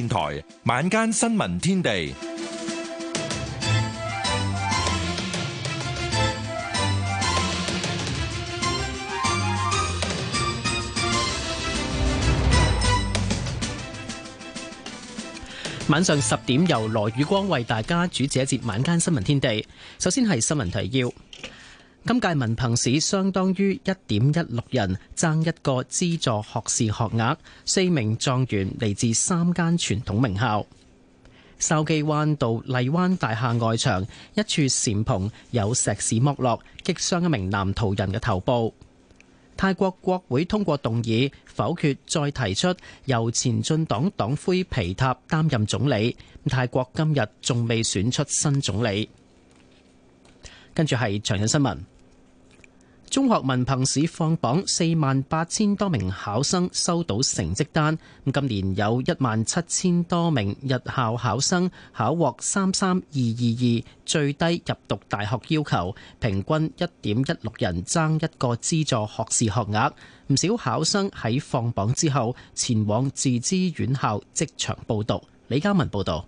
電台晚間新聞天地，晚上十點由羅宇光為大家主持一節晚間新聞天地。首先係新聞提要。今屆文憑試相當於一點一六人爭一個資助學士學額，四名狀元嚟自三間傳統名校。筲箕灣道麗灣大廈外牆一處簷篷有石屎剝落，擊傷一名男途人嘅頭部。泰國國會通過動議否決，再提出由前進黨，黨黨魁皮塔擔任總理。泰國今日仲未選出新總理。跟住係詳盡新聞。中學文憑試放榜，四萬八千多名考生收到成績單。咁今年有一萬七千多名日校考生考獲三三二二二最低入讀大學要求，平均一點一六人爭一個資助學士學額。唔少考生喺放榜之後前往自資院校職場報讀。李嘉文報道。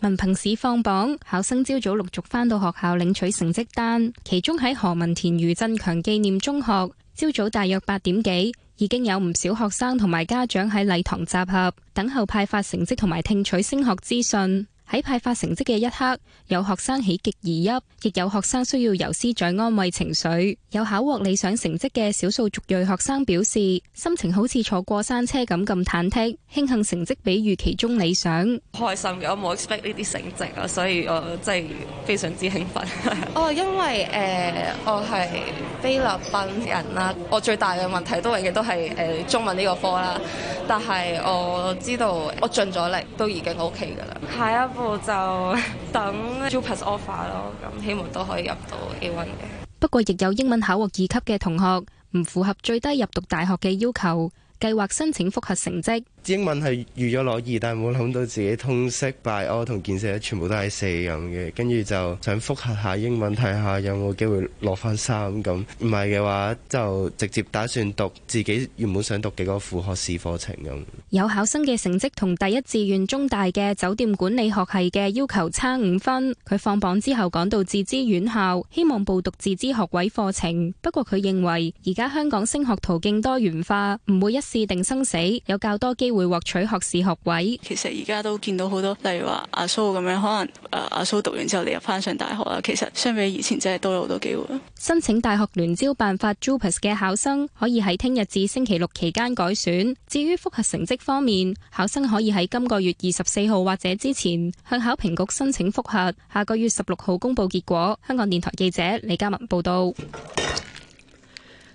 文憑試放榜，考生朝早陸續返到學校領取成績單。其中喺何文田余振強紀念中學，朝早大約八點幾，已經有唔少學生同埋家長喺禮堂集合，等候派發成績同埋聽取升學資訊。喺派發成績嘅一刻，有學生喜極而泣，亦有學生需要由師長安慰情緒。有考獲理想成績嘅少數族裔學生表示，心情好似坐過山車咁咁忐忑，慶幸成績比預期中理想。開心嘅，我冇 expect 呢啲成績啊，所以我真係非常之興奮。 哦，因為誒、呃，我係菲律賓人啦，我最大嘅問題都係嘅都係誒中文呢個科啦，但係我知道我盡咗力都已經 OK 噶啦。係啊。 我就等 Jupas offer 咯，咁希望都可以入到 A1 嘅。不過，亦有英文考獲二級嘅同學唔符合最低入讀大學嘅要求，計劃申請複核成績。英文係預咗攞二，但係冇諗到自己通識拜屙同建設咧，全部都係四樣嘅，跟住就想複核下英文，睇下有冇機會落翻三咁。唔係嘅話，就直接打算讀自己原本想讀幾個副學士課程咁。有考生嘅成績同第一志願中大嘅酒店管理學系嘅要求差五分，佢放榜之後趕到自資院校，希望報讀自資學位課程。不過佢認為而家香港升學途徑多元化，唔會一試定生死，有較多機會。會獲取學士學位。其實而家都見到好多，例如話阿蘇咁樣，可能誒阿蘇讀完之後你入翻上大學啦。其實相比以前，真係多咗好多機會。申請大學聯招辦法 JUPAS 嘅考生可以喺聽日至星期六期間改選。至於複核成績方面，考生可以喺今個月二十四號或者之前向考評局申請複核，下個月十六號公布結果。香港電台記者李嘉文報道。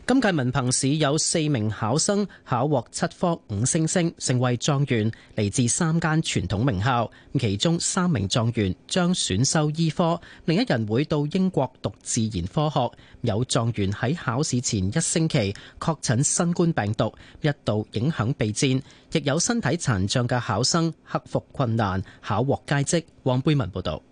今屆文憑試有四名考生考獲七科五星星，成為狀元，嚟自三間傳統名校。其中三名狀元將選修醫科，另一人會到英國讀自然科學。有狀元喺考試前一星期確診新冠病毒，一度影響備戰，亦有身體殘障嘅考生克服困難考獲佳績。黃貝文報道。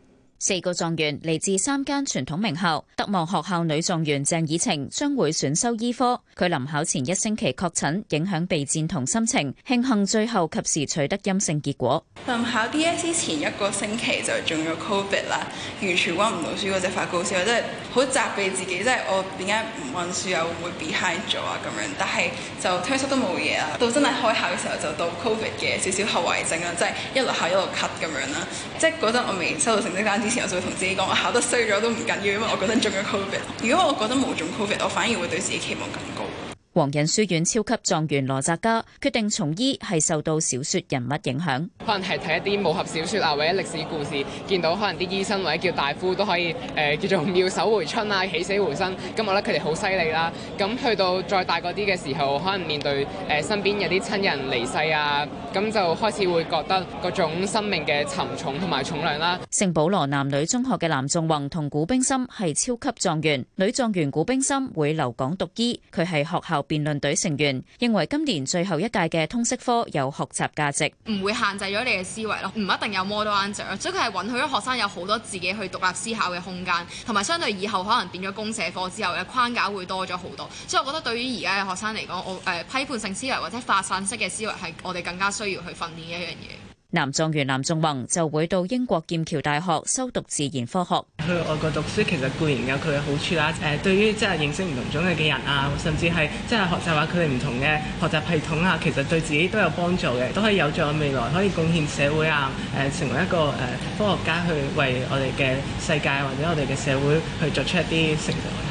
四個狀元嚟自三間傳統名校，德望學校女狀元鄭以晴將會選修醫科。佢臨考前一星期確診，影響備戰同心情。慶幸最後及時取得陰性結果。臨考 D S 之前一個星期就中咗 Covid 啦，完全溫唔到書，我只發高燒，即係好責備自己，即係我點解唔溫書又會 behind 咗啊？咁樣，但係就 trace 都冇嘢啦。到真係開考嘅時候就到 Covid 嘅少少後遺症啦，即係一路考一路咳咁樣啦。即係嗰陣我未收到成績單前我仲會同自己講，我考得衰咗都唔緊要，因為我覺得中咗 COVID。如果我覺得冇中 COVID，我反而會對自己期望更高。皇仁書院超級狀元羅澤嘉決定從醫，係受到小說人物影響，可能係睇一啲武俠小說啊，或者歷史故事，見到可能啲醫生或者叫大夫都可以誒、呃，叫做妙手回春啊，起死回生，咁我覺得佢哋好犀利啦。咁去到再大個啲嘅時候，可能面對誒身邊有啲親人離世啊，咁就開始會覺得嗰種生命嘅沉重同埋重量啦。聖保羅男女中學嘅藍仲宏同古冰心係超級狀元，女狀元古冰心會留港讀醫，佢係學校辯論隊成員認為，今年最後一屆嘅通識科有學習價值，唔會限制咗你嘅思維咯，唔一定有 model answer，所以佢係允許咗學生有好多自己去獨立思考嘅空間，同埋相對以後可能變咗公社科之後嘅框架會多咗好多，所以我覺得對於而家嘅學生嚟講，我誒、呃、批判性思維或者發散式嘅思維係我哋更加需要去訓練嘅一樣嘢。男狀元林仲宏就會到英國劍橋大學修讀自然科學。去外國讀書其實固然有佢嘅好處啦，誒，對於即係認識唔同種類嘅人啊，甚至係即係學習話佢哋唔同嘅學習系統啊，其實對自己都有幫助嘅，都可以有助未來可以貢獻社會啊，誒、呃，成為一個誒科學家去為我哋嘅世界或者我哋嘅社會去作出一啲成就。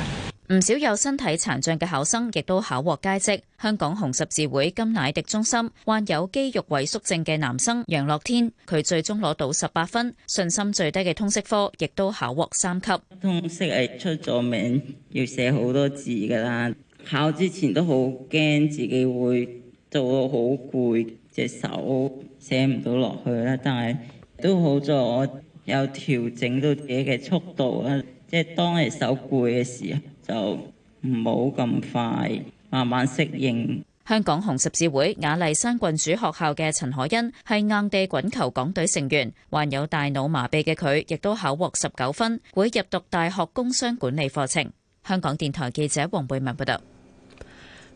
唔少有身體殘障嘅考生，亦都考獲佳績。香港紅十字會金乃迪中心患有肌肉萎縮症嘅男生楊樂天，佢最終攞到十八分，信心最低嘅通識科亦都考獲三級。通識係出咗名，要寫好多字噶啦。考之前都好驚自己會做到好攰，隻手寫唔到落去啦。但係都好在我有調整到自己嘅速度啊，即係當你手攰嘅時候。就唔好咁快，慢慢適應。香港紅十字會亞麗山郡主學校嘅陳可欣係硬地滾球港隊成員，患有大腦麻痹嘅佢亦都考獲十九分，會入讀大學工商管理課程。香港電台記者黃貝文報道。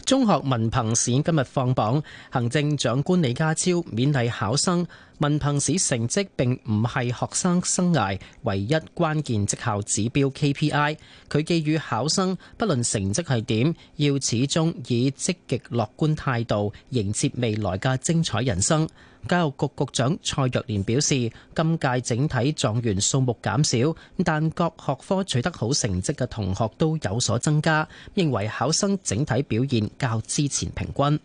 中學文憑試今日放榜，行政長官李家超勉勵考生：文憑試成績並唔係學生生涯唯一關鍵績效指標 KPI。佢寄語考生，不論成績係點，要始終以積極樂觀態度迎接未來嘅精彩人生。教育局局長蔡若蓮表示，今屆整體狀元數目減少，但各學科取得好成績嘅同學都有所增加，認為考生整體表現較之前平均。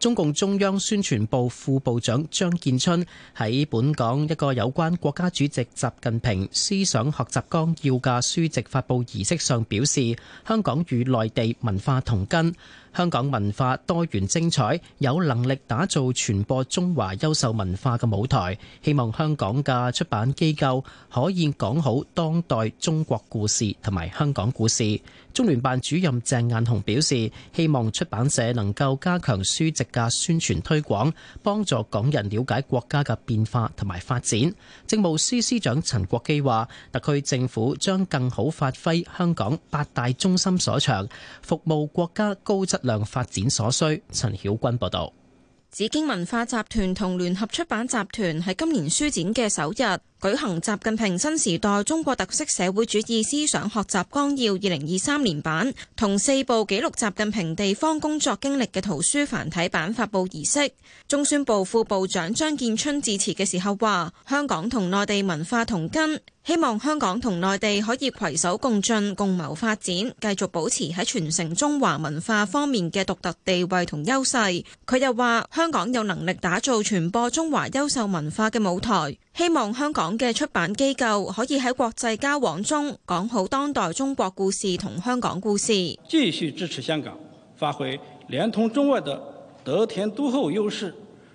中共中央宣傳部副部長張建春喺本港一個有關國家主席習近平思想學習綱要嘅書籍發佈儀式上表示，香港與內地文化同根。香港文化多元精彩，有能力打造傳播中華優秀文化嘅舞台。希望香港嘅出版機構可以講好當代中國故事同埋香港故事。中聯辦主任鄭雁雄表示，希望出版社能夠加強書籍嘅宣傳推廣，幫助港人瞭解國家嘅變化同埋發展。政務司司長陳國基話，特區政府將更好發揮香港八大中心所長，服務國家高質。量發展所需。陳曉君報道。紫荊文化集團同聯合出版集團係今年書展嘅首日，舉行習近平新時代中國特色社會主義思想學習綱要二零二三年版同四部記錄習近平地方工作經歷嘅圖書繁體版發布儀式。中宣部副部長張建春致辭嘅時候話，香港同內地文化同根，希望香港同內地可以携手共進、共謀發展，繼續保持喺傳承中華文化方面嘅獨特地位同優勢。佢又話，香港有能力打造傳播中華優秀文化嘅舞台。希望香港嘅出版機構可以喺國際交往中講好當代中國故事同香港故事，繼續支持香港發揮連通中外的得天獨厚優勢，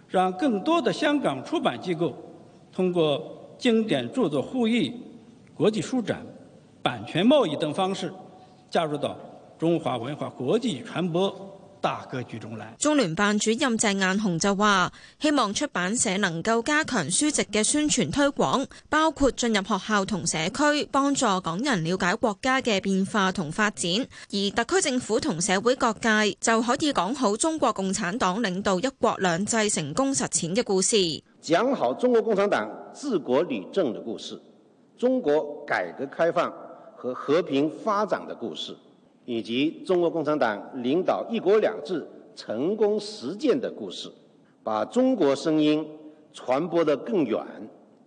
讓更多的香港出版機構通過經典著作互譯、國際書展、版權貿易等方式加入到中華文化國際傳播，大格局中來，中聯辦主任鄭雁雄就話：希望出版社能夠加強書籍嘅宣傳推廣，包括進入學校同社區，幫助港人了解國家嘅變化同發展。而特區政府同社會各界就可以講好中國共產黨領導一國兩制成功實踐嘅故事，講好中國共產黨治國理政嘅故事，中國改革開放和和平發展嘅故事。以及中國共產黨領導一國兩制成功實踐的故事，把中國聲音傳播得更遠、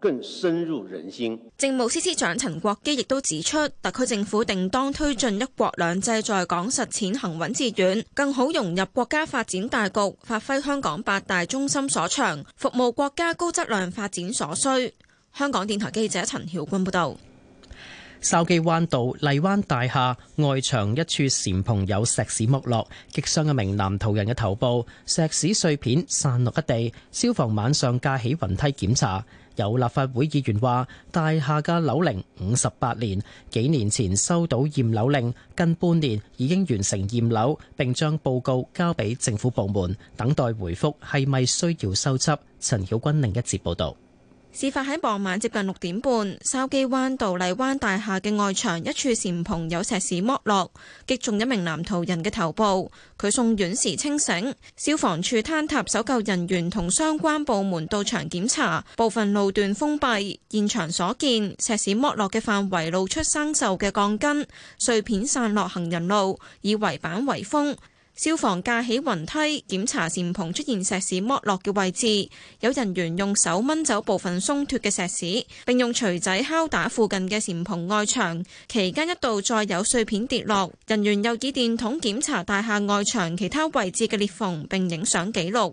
更深入人心。政務司司長陳國基亦都指出，特區政府定當推進一國兩制在港實踐行穩致遠，更好融入國家發展大局，發揮香港八大中心所長，服務國家高質量發展所需。香港電台記者陳曉君報導。筲箕灣道荔灣大廈外牆一處簷篷有石屎剝落，擊傷一名男途人嘅頭部，石屎碎片散落一地。消防晚上架起雲梯檢查。有立法會議員話：大廈嘅樓齡五十八年，幾年前收到驗樓令，近半年已經完成驗樓，並將報告交俾政府部門等待回覆，係咪需要修葺？陳曉君另一節報導。事發喺傍晚接近六點半，筲箕灣道麗灣大廈嘅外牆一處簷篷有石屎剝落，擊中一名男途人嘅頭部。佢送院時清醒。消防處坍塌搜救人員同相關部門到場檢查，部分路段封閉。現場所見，石屎剝落嘅範圍露，露出生鏽嘅鋼筋，碎片散落行人路，以圍板圍封。消防架起雲梯檢查檐篷出現石屎剝落嘅位置，有人員用手掹走部分鬆脫嘅石屎，並用鎚仔敲打附近嘅檐篷外牆。期間一度再有碎片跌落，人員又以電筒檢查大廈外牆其他位置嘅裂縫，並影相記錄。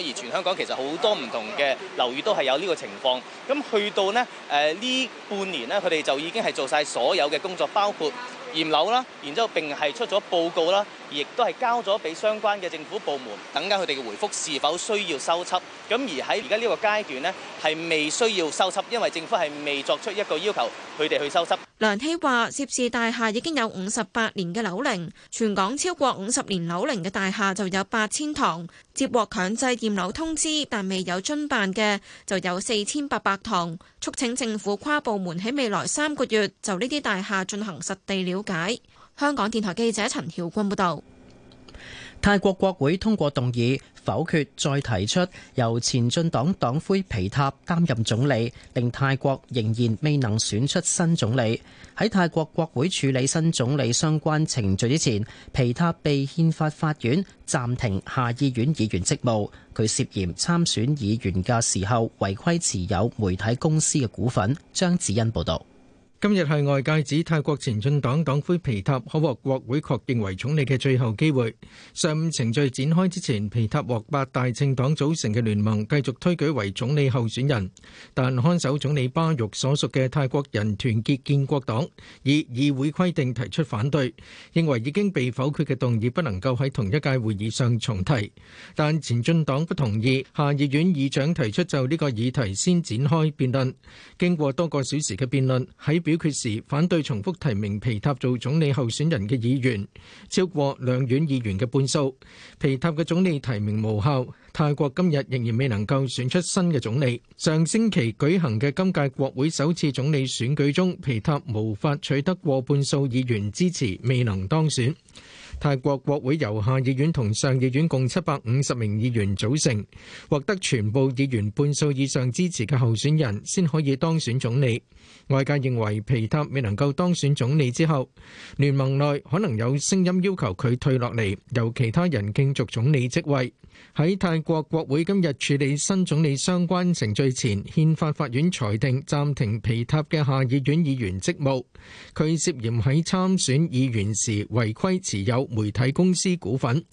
而全香港其實好多唔同嘅樓宇都係有呢個情況。咁去到呢誒呢、呃、半年呢，佢哋就已經係做晒所有嘅工作，包括，驗樓啦，然之後並係出咗報告啦，而亦都係交咗俾相關嘅政府部門，等緊佢哋嘅回覆是否需要收葺。咁而喺而家呢個階段呢，係未需要收葺，因為政府係未作出一個要求佢哋去收葺。梁希話：涉事大廈已經有五十八年嘅樓齡，全港超過五十年樓齡嘅大廈就有八千棟接獲強制驗樓通知，但未有遵辦嘅就有四千八百棟，促請政府跨部門喺未來三個月就呢啲大廈進行實地了解。了解香港電台記者陳曉君報道，泰國國會通過動議否決，再提出由前進黨黨魁皮塔擔任總理，令泰國仍然未能選出新總理。喺泰國國會處理新總理相關程序之前，皮塔被憲法法院暫停下議院議員職務，佢涉嫌參選議員嘅時候違規持有媒體公司嘅股份。張子欣報道。今日係外界指泰國前進黨黨魁皮塔可獲國會確認為總理嘅最後機會。上午程序展開之前，皮塔獲八大政黨組成嘅聯盟繼續推舉為總理候選人，但看守總理巴育所屬嘅泰國人團結建國黨以議會規定提出反對，認為已經被否決嘅動議不能夠喺同一屆會議上重提。但前進黨不同意，下議院議長提出就呢個議題先展開辯論。經過多個小時嘅辯論，喺。表決時反對重複提名皮塔做總理候選人嘅議員超過兩院議員嘅半數，皮塔嘅總理提名無效。泰國今日仍然未能夠選出新嘅總理。上星期舉行嘅今屆國會首次總理選舉中，皮塔無法取得過半數議員支持，未能當選。泰國國會由下議院同上議院共七百五十名議員組成，獲得全部議員半數以上支持嘅候選人先可以當選總理。外界認為皮塔未能夠當選總理之後，聯盟內可能有聲音要求佢退落嚟，由其他人競逐總理職位。喺泰國國會今日處理新總理相關程序前，憲法法院裁定暫停皮塔嘅下議院議員職務，佢涉嫌喺參選議員時違規持有，媒體公司股份，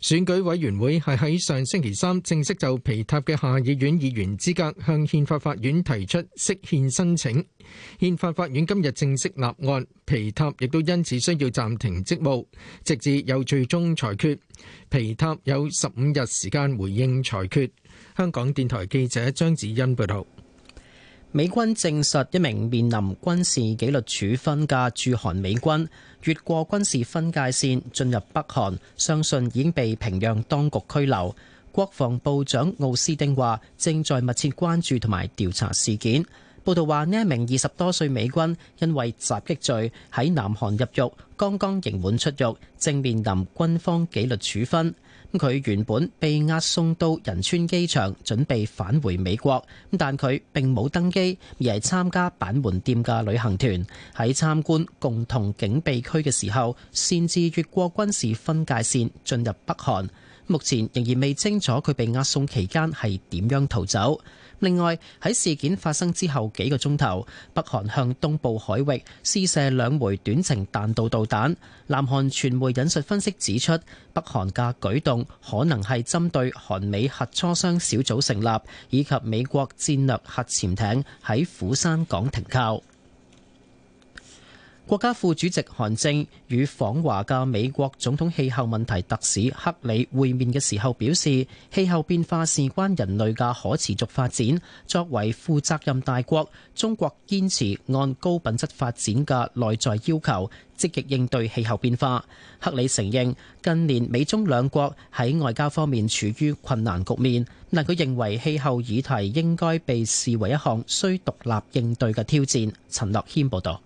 選舉委員會係喺上星期三正式就皮塔嘅下議院議員資格向憲法法院提出釋憲申請。憲法法院今日正式立案，皮塔亦都因此需要暫停職務，直至有最終裁決。皮塔有十五日時間回應裁決。香港電台記者張子欣報道。美軍證實一名面臨軍事紀律處分嘅駐韓美軍越過軍事分界線進入北韓，相信已經被平壤當局拘留。國防部長奧斯丁話，正在密切關注同埋調查事件。報道話，呢名二十多歲美軍因為襲擊罪喺南韓入獄，剛剛刑滿出獄，正面臨軍方紀律處分。佢原本被押送到仁川機場準備返回美國，但佢並冇登機，而係參加板門店嘅旅行團，喺參觀共同警備區嘅時候，擅自越過軍事分界線進入北韓，目前仍然未清楚佢被押送期間係點樣逃走。另外喺事件發生之後幾個鐘頭，北韓向東部海域試射兩枚短程彈道導彈，南韓傳媒引述分析指出，北韓嘅舉動可能係針對韓美核磋商小組成立以及美國戰略核潛艇喺釜山港停靠。國家副主席韓正與訪華嘅美國總統氣候問題特使克里會面嘅時候，表示氣候變化事關人類嘅可持續發展。作為負責任大國，中國堅持按高品質發展嘅內在要求，積極應對氣候變化。克里承認，近年美中兩國喺外交方面處於困難局面，但佢認為氣候議題應該被視為一項需獨立應對嘅挑戰。陳樂謙報道。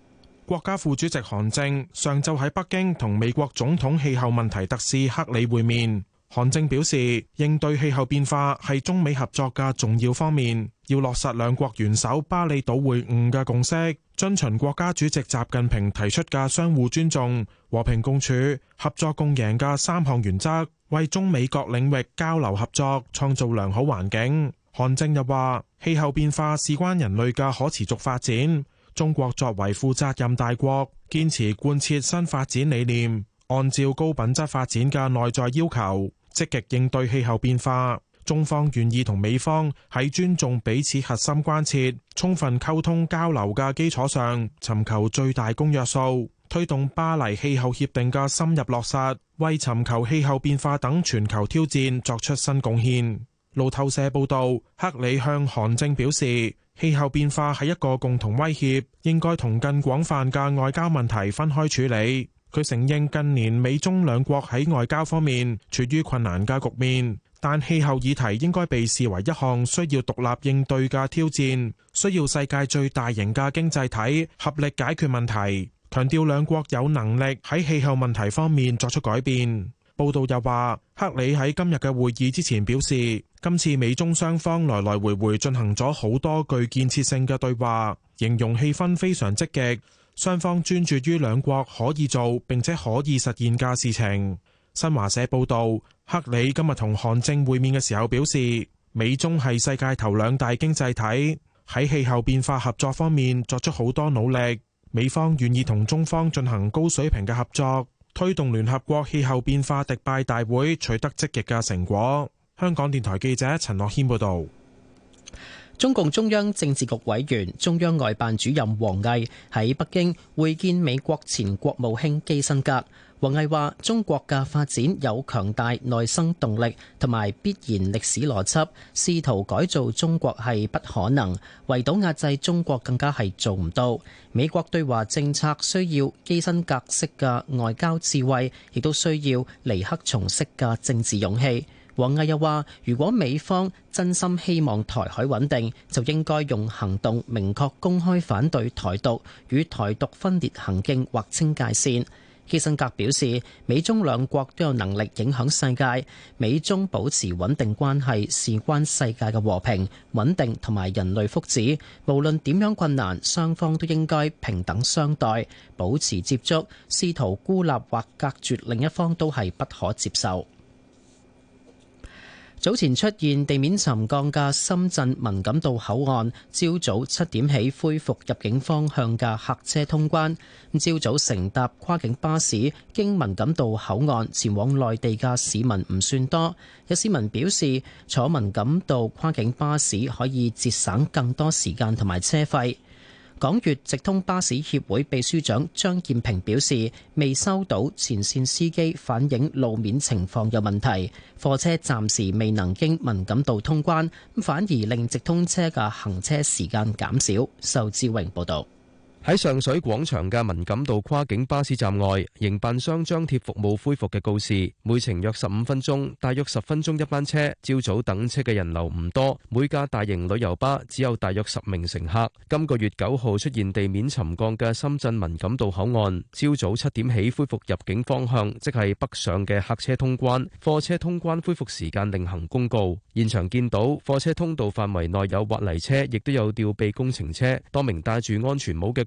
國家副主席韓正上晝喺北京同美國總統氣候問題特使克里會面。韓正表示，應對氣候變化係中美合作嘅重要方面，要落實兩國元首巴厘島會晤嘅共識，遵循國家主席習近平提出嘅相互尊重、和平共處、合作共贏嘅三項原則，為中美各領域交流合作創造良好環境。韓正又話，氣候變化事關人類嘅可持續發展。中國作為負責任大國，堅持貫徹新發展理念，按照高品質發展嘅內在要求，積極應對氣候變化。中方願意同美方喺尊重彼此核心關切、充分溝通交流嘅基礎上，尋求最大公約數，推動巴黎氣候協定嘅深入落實，為尋求氣候變化等全球挑戰作出新貢獻。路透社報道，克里向韓正表示。氣候變化係一個共同威脅，應該同更廣泛嘅外交問題分開處理。佢承認近年美中兩國喺外交方面處於困難嘅局面，但氣候議題應該被視為一項需要獨立應對嘅挑戰，需要世界最大型嘅經濟體合力解決問題。強調兩國有能力喺氣候問題方面作出改變。報道又話，克里喺今日嘅會議之前表示，今次美中雙方來來回回進行咗好多具建設性嘅對話，形容氣氛非常積極。雙方專注於兩國可以做並且可以實現嘅事情。新華社報道，克里今日同韓正會面嘅時候表示，美中係世界頭兩大經濟體，喺氣候變化合作方面作出好多努力。美方願意同中方進行高水平嘅合作，推動聯合國氣候變化迪拜大會取得積極嘅成果。香港電台記者陳樂謙報道，中共中央政治局委員、中央外辦主任王毅喺北京會見美國前國務卿基辛格。王毅話，中國嘅發展有強大內生動力，同埋必然歷史邏輯。試圖改造中國係不可能，圍堵壓制中國更加係做唔到。美國對華政策需要基辛格式嘅外交智慧，亦都需要尼克松式嘅政治勇氣。王毅又話，如果美方真心希望台海穩定，就應該用行動明確公開反對台獨與台獨分裂行徑劃清界線。基辛格表示，美中兩國都有能力影響世界，美中保持穩定關係事關世界嘅和平穩定同埋人類福祉。無論點樣困難，雙方都應該平等相待，保持接觸，試圖孤立或隔絕另一方都係不可接受。早前出現地面沉降嘅深圳文錦渡口岸，朝早七點起恢復入境方向嘅客車通關。朝早乘搭跨境巴士經文錦渡口岸前往內地嘅市民唔算多。有市民表示，坐文錦渡跨境巴士可以節省更多時間同埋車費。港粵直通巴士協會秘書長張建平表示，未收到前線司機反映路面情況有問題，貨車暫時未能經文錦渡通關，反而令直通車嘅行車時間減少。仇志榮報道。喺上水廣場嘅文錦渡跨境巴士站外，營辦商張貼服務恢復嘅告示，每程約十五分鐘，大約十分鐘一班車。朝早等車嘅人流唔多，每架大型旅遊巴只有大約十名乘客。今個月九號出現地面沉降嘅深圳文錦渡口岸，朝早七點起恢復入境方向，即係北上嘅客車通關，貨車通關恢復時間另行公告。現場見到貨車通道範圍內有挖泥車，亦都有吊臂工程車，多名戴住安全帽嘅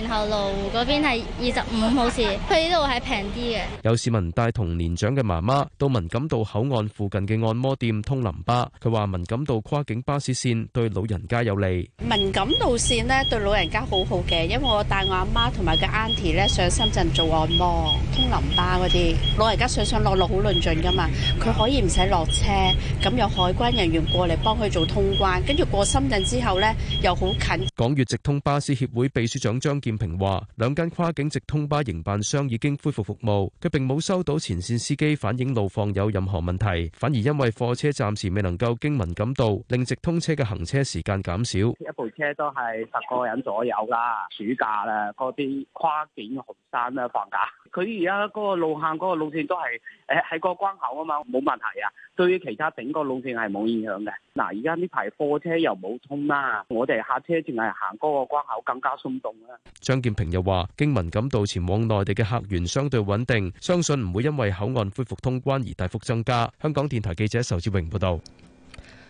然後羅湖嗰邊係二十五，好似佢呢度係平啲嘅。有市民帶同年長嘅媽媽到文錦渡口岸附近嘅按摩店通淋巴，佢話文錦渡跨境巴士線對老人家有利。文錦渡線咧對老人家好好嘅，因為我帶我阿媽同埋個 auntie 咧上深圳做按摩、通淋巴，嗰啲老人家上上落落好論盡噶嘛，佢可以唔使落車，咁有海關人員過嚟幫佢做通關，跟住過深圳之後咧又好近。港粵直通巴士協會秘書長張。建平話，兩間跨境直通巴營辦商已經恢復服務，佢並冇收到前線司機反映路況有任何問題，反而因為貨車暫時未能夠經文錦渡，令直通車嘅行車時間減少。一部車都係十個人左右啦，暑假啦，嗰啲跨境學生啦放假，佢而家嗰個路線嗰個路線都係誒喺個關口啊嘛，冇問題啊對於其他整個路線係冇影響嘅。嗱，而家呢排貨車又冇通啦，我哋客車淨係行嗰個關口更加鬆動啦。張劍平又話：經文錦渡前往內地嘅客源相對穩定，相信唔會因為口岸恢復通關而大幅增加。香港電台記者仇志榮報道。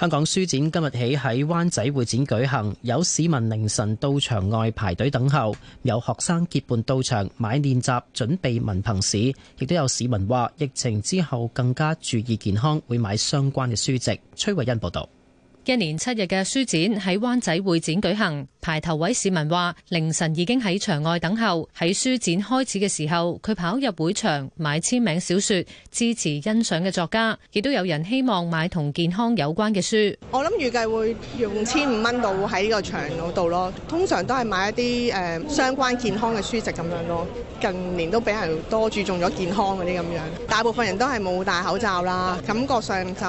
香港書展今日起喺灣仔會展舉行，有市民凌晨到場外排隊等候，有學生結伴到場買練習準備文憑試，亦都有市民話疫情之後更加注意健康，會買相關嘅書籍。崔慧欣報道：「一年七日嘅書展喺灣仔會展舉行。排頭位市民話：凌晨已經喺場外等候，喺書展開始嘅時候，佢跑入會場買簽名小說，支持欣賞嘅作家。亦都有人希望買同健康有關嘅書。我諗預計會用千五蚊度喺呢個場度咯。通常都係買一啲誒、呃、相關健康嘅書籍咁樣咯。近年都比較多注重咗健康嗰啲咁樣。大部分人都係冇戴口罩啦，感覺上就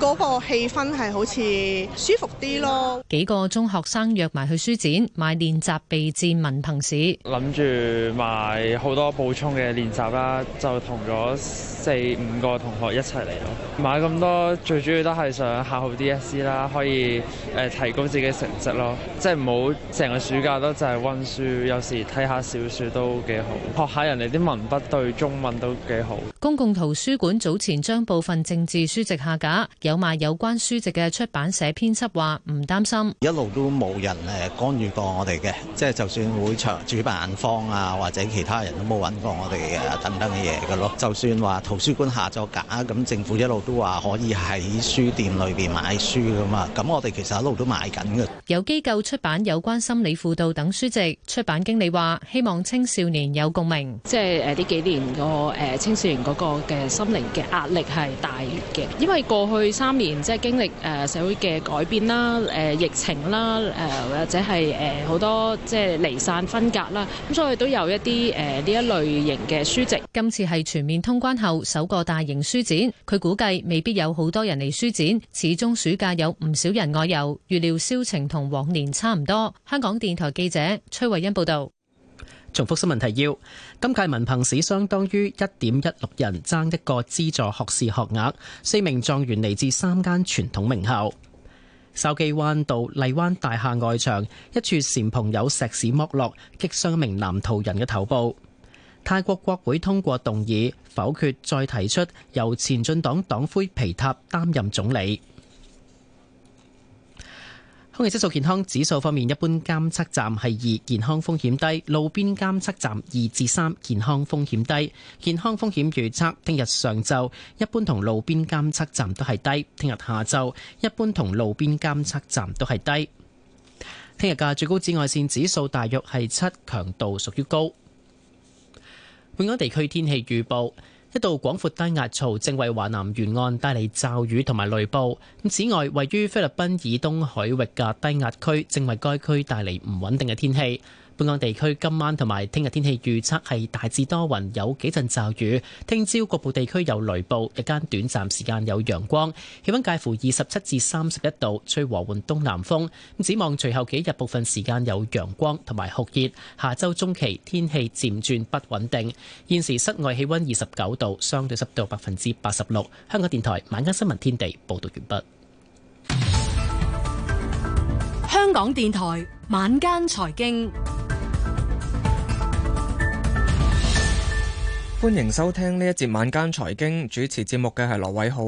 嗰、那個氣氛係好似舒服啲咯。嗯、幾個中學生約埋去。書展買練習備戰文憑試，諗住買好多補充嘅練習啦，就同咗四五個同學一齊嚟咯。買咁多最主要都係想考好 DSE 啦，可以誒提高自己成績咯。即係唔好成個暑假都就係温書，有時睇下小說都幾好，學下人哋啲文筆，對中文都幾好。公共圖書館早前將部分政治書籍下架，有賣有關書籍嘅出版社編輯話唔擔心，一路都冇人誒。幹預過我哋嘅，即係就算會場主辦方啊，或者其他人都冇揾過我哋嘅等等嘅嘢嘅咯。就算話圖書館下咗架，咁政府一路都話可以喺書店裏邊買書噶嘛。咁我哋其實一路都買緊嘅。有機構出版有關心理輔導等書籍，出版經理話希望青少年有共鳴。即係誒呢幾年個誒青少年嗰個嘅心靈嘅壓力係大嘅，因為過去三年即係經歷誒社會嘅改變啦、誒疫情啦、誒一隻。或者係誒好多即係離散分隔啦，咁所以都有一啲誒呢一類型嘅書籍。今次係全面通關後首個大型書展，佢估計未必有好多人嚟書展，始終暑假有唔少人外遊，預料銷情同往年差唔多。香港電台記者崔慧欣報道。重複新聞提要：今屆文憑試相當於一點一六人爭一個資助學士學額，四名狀元嚟自三間傳統名校。筲箕灣道荔灣大廈外牆一處簷篷有石屎剝落，擊傷一名男途人嘅頭部。泰國國會通過動議否決，再提出由前進黨黨魁皮塔擔任總理。空氣質素健康指數方面，一般監測站係二，健康風險低；路邊監測站二至三，健康風險低。健康風險預測，聽日上晝一般同路邊監測站都係低；聽日下晝一般同路邊監測站都係低。聽日嘅最高紫外線指數大約係七，強度屬於高。本港地區天氣預報。一道廣闊低壓槽正為華南沿岸帶嚟驟雨同埋雷暴。咁此外，位於菲律賓以東海域嘅低壓區正為該區帶嚟唔穩定嘅天氣。本港地區今晚同埋聽日天氣預測係大致多雲，有幾陣驟雨。聽朝局部地區有雷暴，日間短暫時間有陽光，氣溫介乎二十七至三十一度，吹和緩東南風。展望隨後幾日，部分時間有陽光同埋酷熱。下周中期天氣漸轉不穩定。現時室外氣溫二十九度，相對濕度百分之八十六。香港電台晚間新聞天地報道完畢。香港電台晚間財經。歡迎收聽呢一節晚間財經，主持節目嘅係羅偉浩。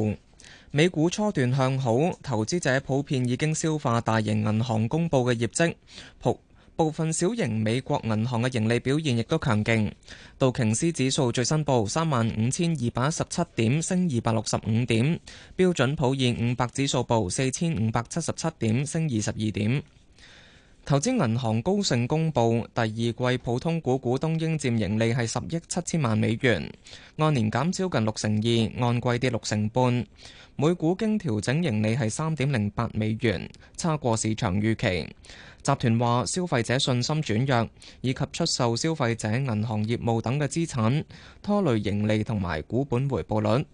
美股初段向好，投資者普遍已經消化大型銀行公布嘅業績，部分小型美國銀行嘅盈利表現亦都強勁。道瓊斯指數最新報三萬五千二百一十七點，升二百六十五點；標準普爾五百指數報四千五百七十七點，升二十二點。投資銀行高盛公佈第二季普通股股東應佔盈利係十億七千萬美元，按年減少近六成二，按季跌六成半。每股經調整盈利係三點零八美元，差過市場預期。集團話消費者信心轉弱，以及出售消費者銀行業務等嘅資產拖累盈利同埋股本回報率。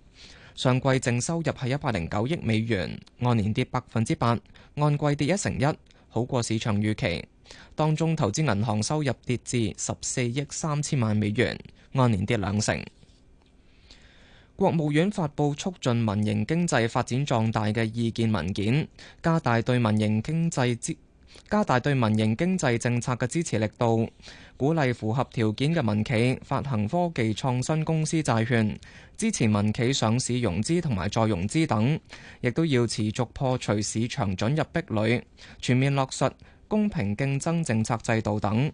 上季淨收入係一百零九億美元，按年跌百分之八，按季跌一成一。好過市場預期，當中投資銀行收入跌至十四億三千萬美元，按年跌兩成。國務院發布促進民營經濟發展壯大嘅意見文件，加大對民營經濟支。加大對民營經濟政策嘅支持力度，鼓勵符合條件嘅民企發行科技創新公司債券，支持民企上市融資同埋再融資等，亦都要持續破除市場準入壁壘，全面落實公平競爭政策制度等。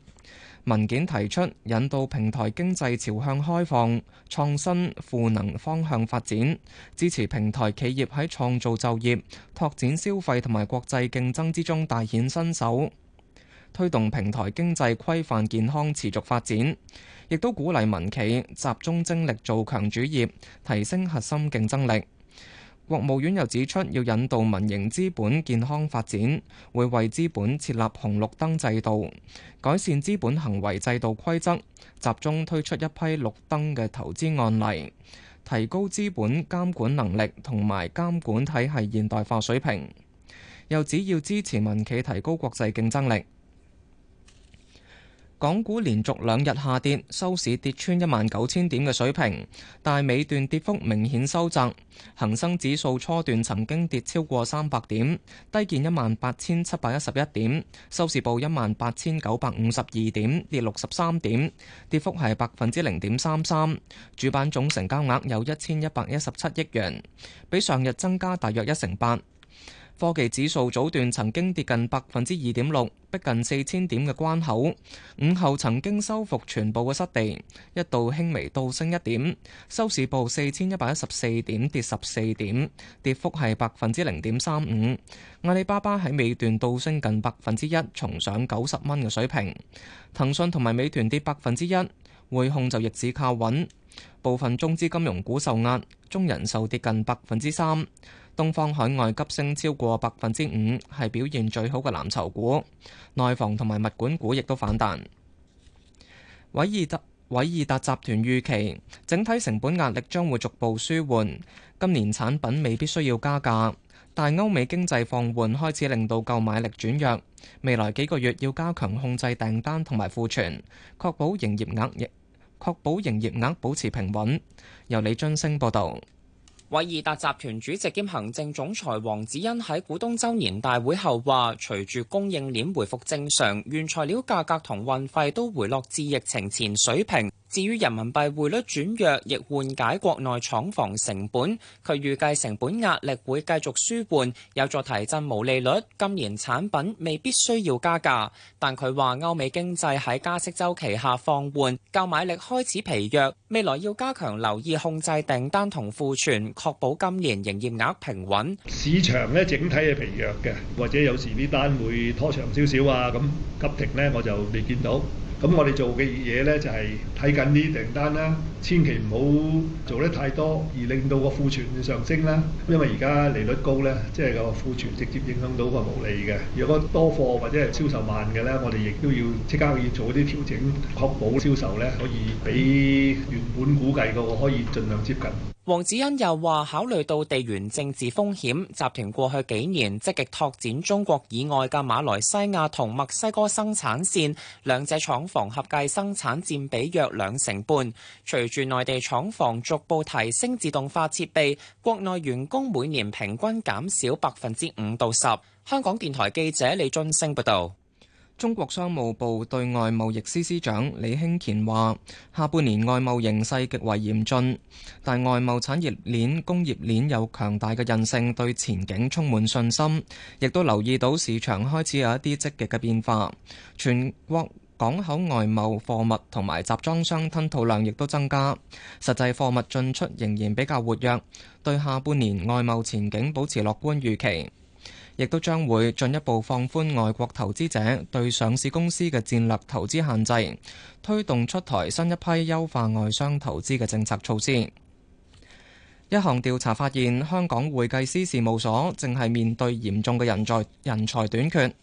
文件提出引導平台經濟朝向開放、創新、賦能方向發展，支持平台企業喺創造就業、拓展消費同埋國際競爭之中大顯身手，推動平台經濟規範健康持續發展，亦都鼓勵民企集中精力做強主業，提升核心競爭力。國務院又指出，要引導民營資本健康發展，會為資本設立紅綠燈制度，改善資本行為制度規則，集中推出一批綠燈嘅投資案例，提高資本監管能力同埋監管體系現代化水平。又指要支持民企提高國際競爭力。港股連續兩日下跌，收市跌穿一萬九千點嘅水平，但尾段跌幅明顯收窄。恒生指數初段曾經跌超過三百點，低見一萬八千七百一十一點，收市報一萬八千九百五十二點，跌六十三點，跌幅係百分之零點三三。主板總成交額有一千一百一十七億元，比上日增加大約一成八。科技指數早段曾經跌近百分之二點六，逼近四千點嘅關口。午後曾經收復全部嘅失地，一度輕微倒升一點，收市報四千一百一十四點，跌十四點，跌幅係百分之零點三五。阿里巴巴喺尾段倒升近百分之一，重上九十蚊嘅水平。騰訊同埋美團跌百分之一，匯控就逆市靠穩，部分中資金融股受壓，中人壽跌近百分之三。東方海外急升超過百分之五，係表現最好嘅藍籌股。內房同埋物管股亦都反彈。偉爾達偉爾達集團預期，整體成本壓力將會逐步舒緩，今年產品未必需要加價。但歐美經濟放緩開始令到購買力轉弱，未來幾個月要加強控制訂單同埋庫存，確保營業額確保營業額保持平穩。由李津升報導。偉易達集團主席兼行政總裁黃子欣喺股東周年大會後話，隨住供應鏈回復正常，原材料價格同運費都回落至疫情前水平。至於人民幣匯率轉弱，亦緩解國內廠房成本。佢預計成本壓力會繼續舒緩，有助提振毛利率。今年產品未必需要加價，但佢話歐美經濟喺加息周期下放緩，購買力開始疲弱。未來要加強留意控制訂單同庫存，確保今年營業額平穩。市場呢整體係疲弱嘅，或者有時呢單會拖長少少啊。咁急停呢，我就未見到。咁我哋做嘅嘢呢，就係睇緊啲訂單啦，千祈唔好做得太多，而令到個庫存上升啦。因為而家利率高呢，即係個庫存直接影響到個毛利嘅。如果多貨或者係銷售慢嘅呢，我哋亦都要即刻要做啲調整，確保銷售呢可以比原本估計嗰個可以盡量接近。黃子欣又話：考慮到地緣政治風險，集團過去幾年積極拓展中國以外嘅馬來西亞同墨西哥生產線，兩者廠房合計生產佔比約兩成半。隨住內地廠房逐步提升自動化設備，國內員工每年平均減少百分之五到十。香港電台記者李俊升報道。中國商務部對外貿易司司長李興乾話，下半年外貿形勢極為嚴峻，但外貿產業鏈、工業鏈有強大嘅韌性，對前景充滿信心，亦都留意到市場開始有一啲積極嘅變化。全國港口外貿貨物同埋集裝箱吞吐量亦都增加，實際貨物進出仍然比較活躍，對下半年外貿前景保持樂觀預期。亦都將會進一步放寬外國投資者對上市公司嘅戰略投資限制，推動出台新一批優化外商投資嘅政策措施。一項調查發現，香港會計師事務所正係面對嚴重嘅人才人才短缺，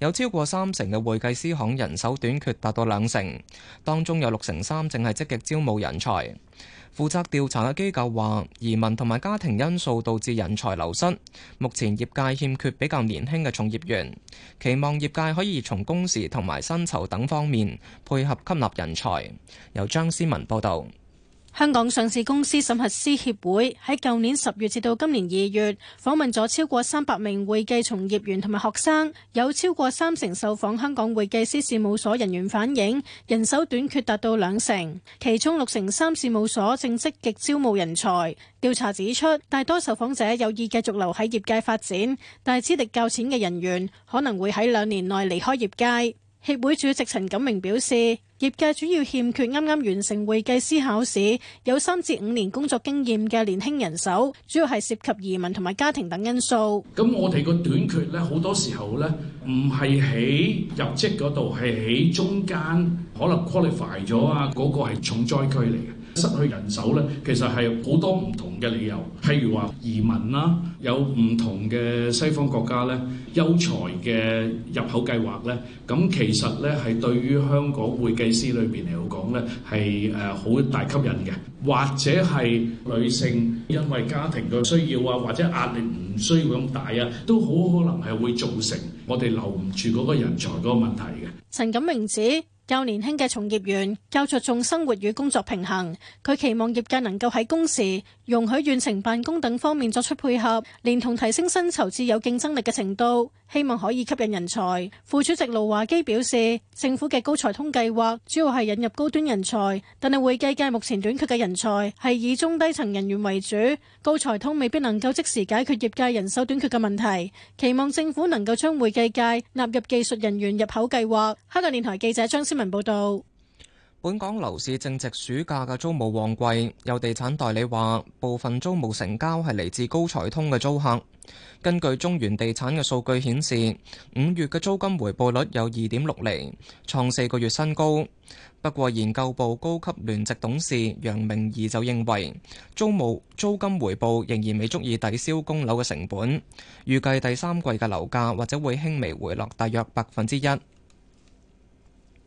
有超過三成嘅會計師行人手短缺達到兩成，當中有六成三正係積極招募人才。負責調查嘅機構話，移民同埋家庭因素導致人才流失。目前業界欠缺比較年輕嘅從業員，期望業界可以從工時同埋薪酬等方面配合吸納人才。由張思文報導。香港上市公司審核師協會喺舊年十月至到今年二月，訪問咗超過三百名會計從業員同埋學生，有超過三成受訪香港會計師事務所人員反映，人手短缺達到兩成，其中六成三事務所正積極招募人才。調查指出，大多受訪者有意繼續留喺業界發展，但資歷較淺嘅人員可能會喺兩年內離開業界。協會主席陳錦明表示，業界主要欠缺啱啱完成會計師考試，有三至五年工作經驗嘅年輕人手，主要係涉及移民同埋家庭等因素。咁我哋個短缺咧，好多時候咧，唔係喺入職嗰度，係喺中間可能 qualify 咗啊，嗰個係重災區嚟嘅。失去人手呢，其實係好多唔同嘅理由，譬如話移民啦，有唔同嘅西方國家呢，優才嘅入口計劃呢。咁其實呢，係對於香港會計師裏面嚟講呢，係誒好大吸引嘅，或者係女性因為家庭嘅需要啊，或者壓力唔需要咁大啊，都好可能係會造成我哋留唔住嗰個人才嗰個問題嘅。陳錦明指。較年輕嘅從業員較着重生活與工作平衡，佢期望業界能夠喺工時容許遠程辦公等方面作出配合，連同提升薪酬至有競爭力嘅程度。希望可以吸引人才。副主席盧華基表示，政府嘅高才通計劃主要係引入高端人才，但係會計界目前短缺嘅人才係以中低層人員為主，高才通未必能夠即時解決業界人手短缺嘅問題。期望政府能夠將會計界納入技術人員入口計劃。香港電台記者張思文報道。本港樓市正值暑假嘅租務旺季，有地產代理話，部分租務成交係嚟自高才通嘅租客。根據中原地產嘅數據顯示，五月嘅租金回報率有二點六厘，創四個月新高。不過，研究部高級聯席董事楊明儀就認為，租務租金回報仍然未足以抵消供樓嘅成本，預計第三季嘅樓價或者會輕微回落，大約百分之一。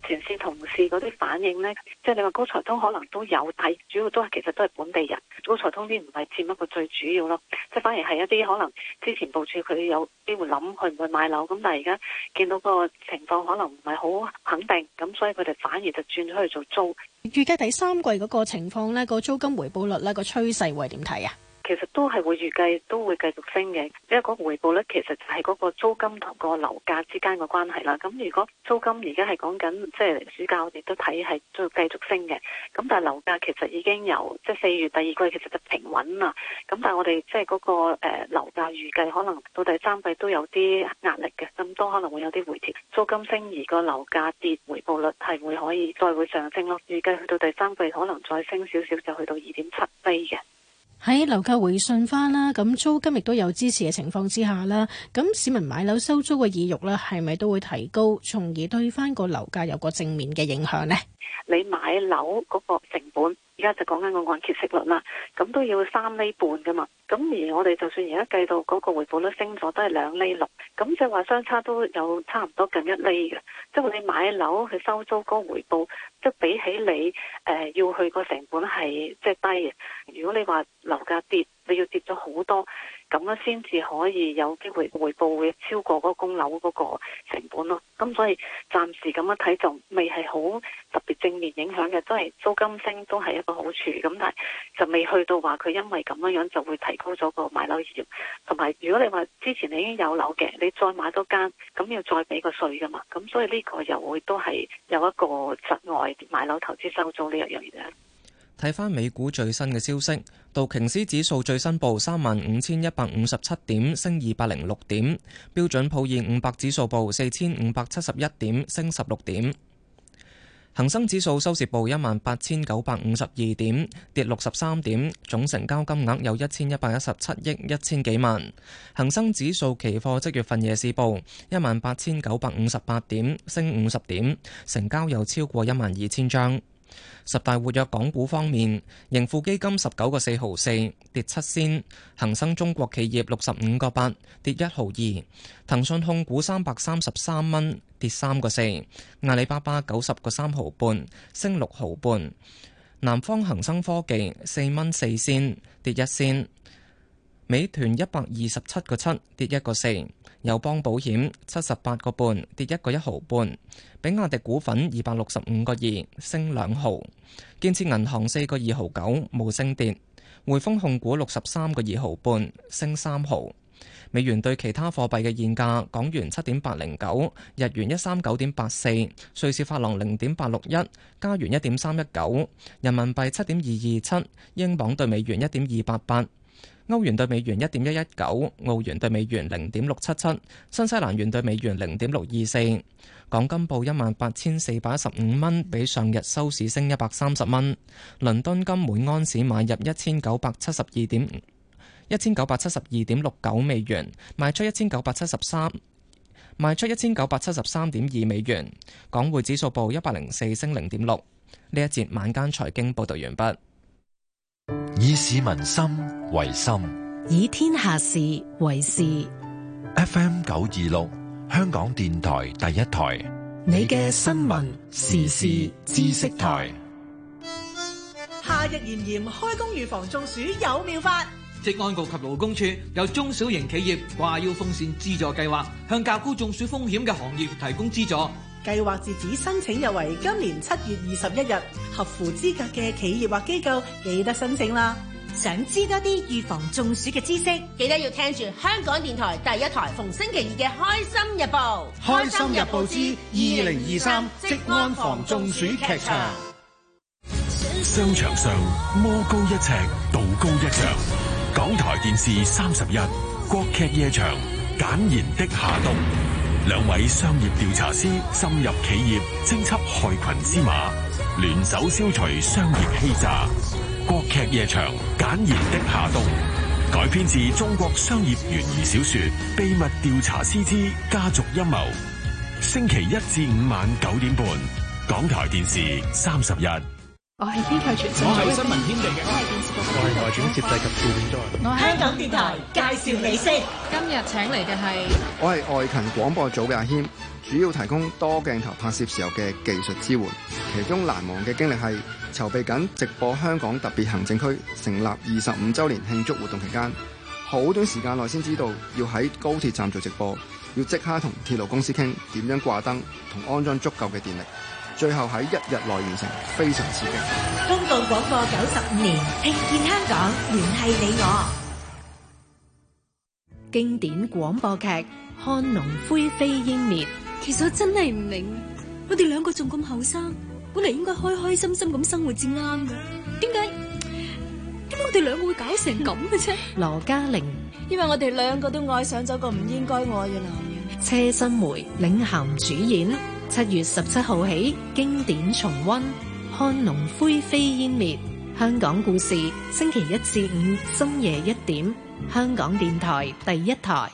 全線同事嗰啲反應呢，即係你話高才通可能都有，但主要都係其實都係本地人，高才通啲唔係佔一個最主要咯，即係反而係一啲可能之前部署佢有機會諗去唔去買樓，咁但係而家見到個情況可能唔係好肯定，咁所以佢哋反而就轉咗去做租。預計第三季嗰個情況呢，個租金回報率呢，個趨勢會係點睇啊？其實都係會預計都會繼續升嘅，因為嗰個回報率，其實就係嗰個租金同個樓價之間嘅關係啦。咁如果租金而家係講緊，即、就、係、是、暑假我哋都睇係都要繼續升嘅。咁但係樓價其實已經由即係四月第二季其實就平穩啦。咁但係我哋即係嗰個誒、呃、樓價預計可能到第三季都有啲壓力嘅，咁都可能會有啲回調。租金升而個樓價跌，回報率係會可以再會上升咯。預計去到第三季可能再升少少就去到二點七飛嘅。喺樓價回順翻啦，咁租金亦都有支持嘅情況之下啦，咁市民買樓收租嘅意欲咧，係咪都會提高，從而對翻個樓價有個正面嘅影響呢？你買樓嗰個成本。而家就講緊個按揭息率啦，咁都要三厘半嘅嘛。咁而我哋就算而家計到嗰個回報率升咗，都係兩厘六，咁即係話相差都有差唔多近一厘嘅。即係你買樓去收租嗰個回報，即係比起你誒要去個成本係即係低嘅。如果你話樓價跌，你要跌咗好多。咁樣先至可以有機會回報會超過嗰個供樓嗰個成本咯。咁所以暫時咁樣睇就未係好特別正面影響嘅，都係租金升都係一個好處。咁但係就未去到話佢因為咁樣樣就會提高咗個買樓熱。同埋如果你話之前你已經有樓嘅，你再買多間，咁要再俾個稅噶嘛。咁所以呢個又會都係有一個窒礙買樓投資收租呢一樣嘢。睇翻美股最新嘅消息，道瓊斯指數最新報三萬五千一百五十七點，升二百零六點；標準普爾五百指數報四千五百七十一點，升十六點。恒生指數收市報一萬八千九百五十二點，跌六十三點，總成交金額有一千一百一十七億一千幾萬。恒生指數期貨即月份夜市報一萬八千九百五十八點，升五十點，成交又超過一萬二千張。十大活躍港股方面，盈富基金十九個四毫四跌七仙，恒生中國企業六十五個八跌一毫二，騰訊控股三百三十三蚊跌三個四，阿里巴巴九十個三毫半升六毫半，南方恒生科技四蚊四仙跌一仙，美團一百二十七個七跌一個四。友邦保險七十八個半跌一個一毫半，比亞迪股份二百六十五個二升兩毫，建設銀行四個二毫九冇升跌，匯豐控股六十三個二毫半升三毫，美元對其他貨幣嘅現價，港元七點八零九，日元一三九點八四，瑞士法郎零點八六一，加元一點三一九，人民幣七點二二七，英鎊對美元一點二八八。歐元對美元一點一一九，澳元對美元零點六七七，新西蘭元對美元零點六二四。港金報一萬八千四百十五蚊，比上日收市升一百三十蚊。倫敦金每安士買入一千九百七十二點一千九百七十二點六九美元，賣出一千九百七十三，賣出一千九百七十三點二美元。港匯指數報 4, 6, 一百零四，升零點六。呢一節晚間財經報道完畢。以市民心為心，以天下事為事。FM 九二六，香港電台第一台，你嘅新聞時事知識台。夏日炎炎，開工預防中暑有妙法。職安局及勞工處有中小型企業掛腰風扇資助計劃，向較高中暑風險嘅行業提供資助。計劃截止申請入圍，今年七月二十一日，合乎資格嘅企業或機構記得申請啦！想知多啲預防中暑嘅知識，記得要聽住香港電台第一台逢星期二嘅《開心日報》。開心日報之二零二三即安防中暑劇場。商場上魔高一尺，道高一丈。港台電視三十一，國劇夜場，簡言的夏冬。兩位商業調查師深入企業，偵緝害群之馬，聯手消除商業欺詐。國劇夜場，簡言的夏冬改編自中國商業懸疑小說《秘密調查師之家族陰謀》。星期一至五晚九點半，港台電視三十一。我係編劇，我係新聞天地嘅。我係外景攝製及攝影組。我香港電台介紹你先。今日請嚟嘅係我係外勤廣播組嘅阿謙，主要提供多鏡頭拍攝時候嘅技術支援。其中難忘嘅經歷係籌備緊直播香港特別行政區成立二十五周年慶祝活動期間，好短時間內先知道要喺高鐵站做直播，要即刻同鐵路公司傾點樣掛燈同安裝足夠嘅電力。最後喺一日內完成，非常刺激。公共廣播九十五年，聽見香港，聯繫你我。經典廣播劇《漢龍灰飛煙滅》。其實我真係唔明，我哋兩個仲咁後生，本嚟應該開開心心咁生活至啱嘅，點解？點解我哋兩個會搞成咁嘅啫？羅嘉、嗯、玲，因為我哋兩個都愛上咗個唔應該愛嘅男人。越越車新梅領銜主演。七月十七號起，經典重溫，漢龍灰飛煙滅，香港故事，星期一至五深夜一點，香港電台第一台，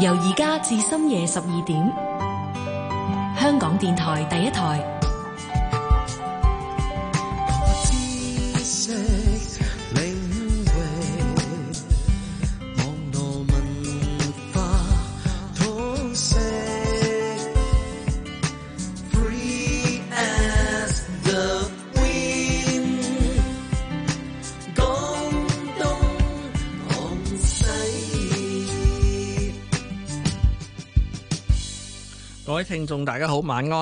由而家至深夜十二點，香港電台第一台。聽眾大家好，晚安。